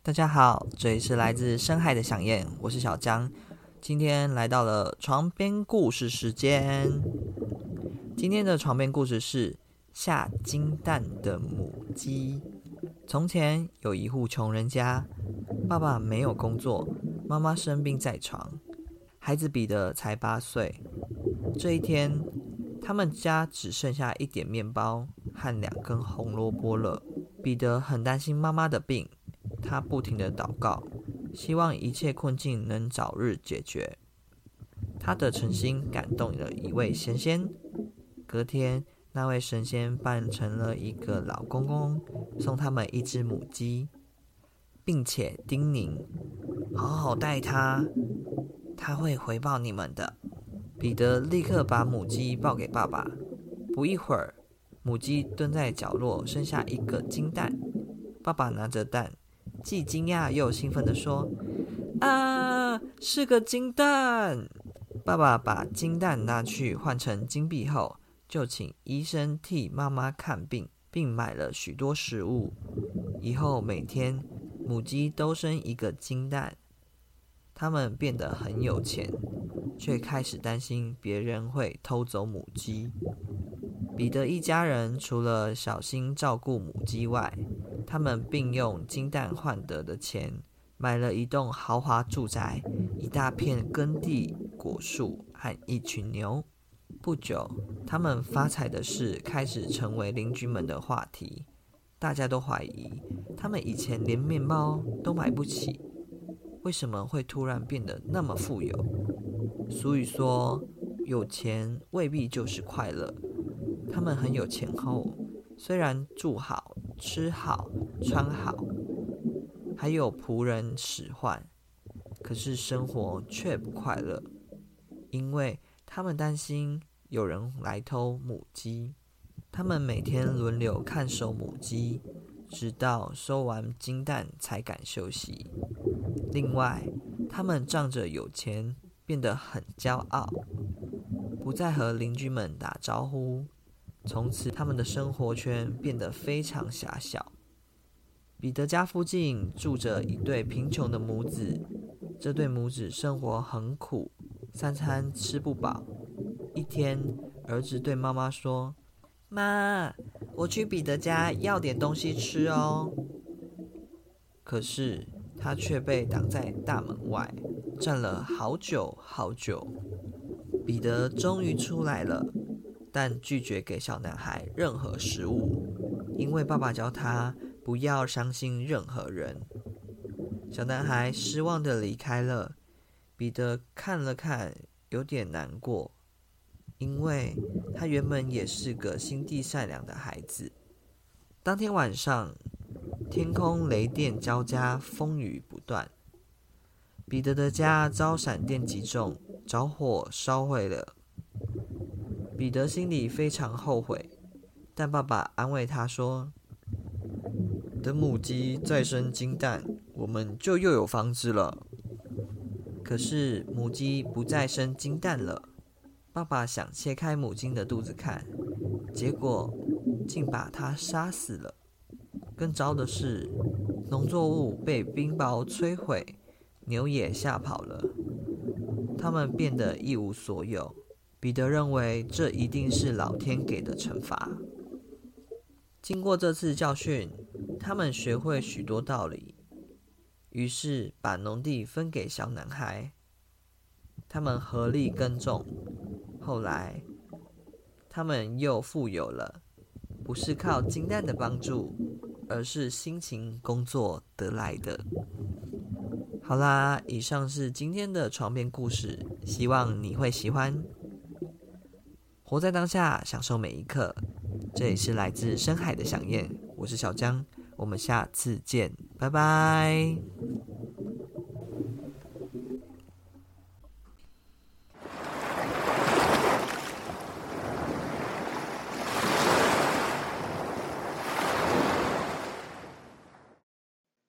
大家好，這裡是來自深海的響燕，我是小江。今天來到了床邊故事時間。今天的床邊故事是下金蛋的母雞。從前有一戶窮人家，爸爸沒有工作，媽媽生病在床，孩子彼得才八歲。這一天，他們家只剩下一點麵包和兩根紅蘿蔔了。彼得很擔心媽媽的病。他不停地禱告，希望一切困境能早日解決。他的誠心感動了一位神仙。隔天，那位神仙扮成了一個老公公，送他們一隻母雞，並且叮嚀：“好好待它，他會回報你們的。”彼得立刻把母雞抱給爸爸。不一會兒，母雞蹲在角落生下一個金蛋。爸爸拿着蛋。既驚訝又興奮地說：“啊，是個金蛋！”爸爸把金蛋拿去換成金幣後，就請醫生替媽媽看病，並買了許多食物。以後每天母雞都生一個金蛋，他們變得很有錢，却開始擔心別人會偷走母雞。彼得一家人除了小心照顧母雞外，他們並用金蛋換得的錢，買了一棟豪華住宅、一大片耕地、果樹和一群牛。不久，他們發財的事開始成為鄰居們的話題。大家都懷疑，他們以前連麵包都買不起，為什麼會突然變得那麼富有？所以說，有錢未必就是快樂。他們很有錢後，雖然住好。吃好穿好，還有僕人使喚，可是生活卻不快樂，因為他們擔心有人來偷母雞。他們每天輪流看守母雞，直到收完金蛋才敢休息。另外，他們仗着有錢變得很驕傲，不再和鄰居們打招呼。從此，他們的生活圈變得非常狹小。彼得家附近住着一對貧窮的母子，這對母子生活很苦，三餐吃不飽。一天，兒子對媽媽說：“媽，我去彼得家要點東西吃哦。”可是，他卻被擋在大門外，站了好久好久。彼得終於出來了。但拒絕給小男孩任何食物，因為爸爸教他不要相信任何人。小男孩失望地離開了。彼得看了看，有點難過，因為他原本也是個心地善良的孩子。當天晚上，天空雷電交加，風雨不斷。彼得的家遭閃電擊中，着火燒毀了。彼得心裡非常後悔，但爸爸安慰他說：“等母雞再生金蛋，我們就又有房子了。”可是母雞不再生金蛋了，爸爸想切開母雞的肚子看，結果竟把它殺死了。更糟的是，農作物被冰雹摧毀，牛也嚇跑了，他們變得一無所有。彼得認為這一定是老天給的懲罰。經過這次教訓，他們學會許多道理，於是把農地分給小男孩。他們合力耕種，後來他們又富有了，不是靠金蛋的幫助，而是辛勤工作得來的。好啦，以上是今天的床邊故事，希望你會喜歡。活在當下，享受每一刻。這裡是來自深海的想念，我是小江，我們下次見，拜拜。